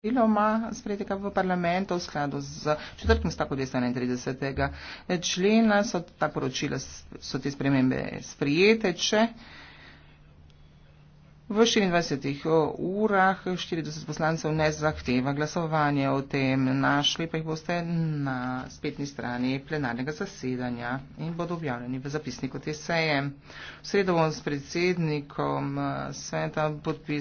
Priloma sprejetega v parlamentu v skladu z četrtim stakom 231. člena so ta poročila, so te spremembe sprijete, če v 24 urah 40 poslancev ne zahteva glasovanje o tem, našli pa jih boste na spetni strani plenarnega zasedanja in bodo objavljeni v zapisniku te seje. V sredo bom s predsednikom eh, sveta podpisal.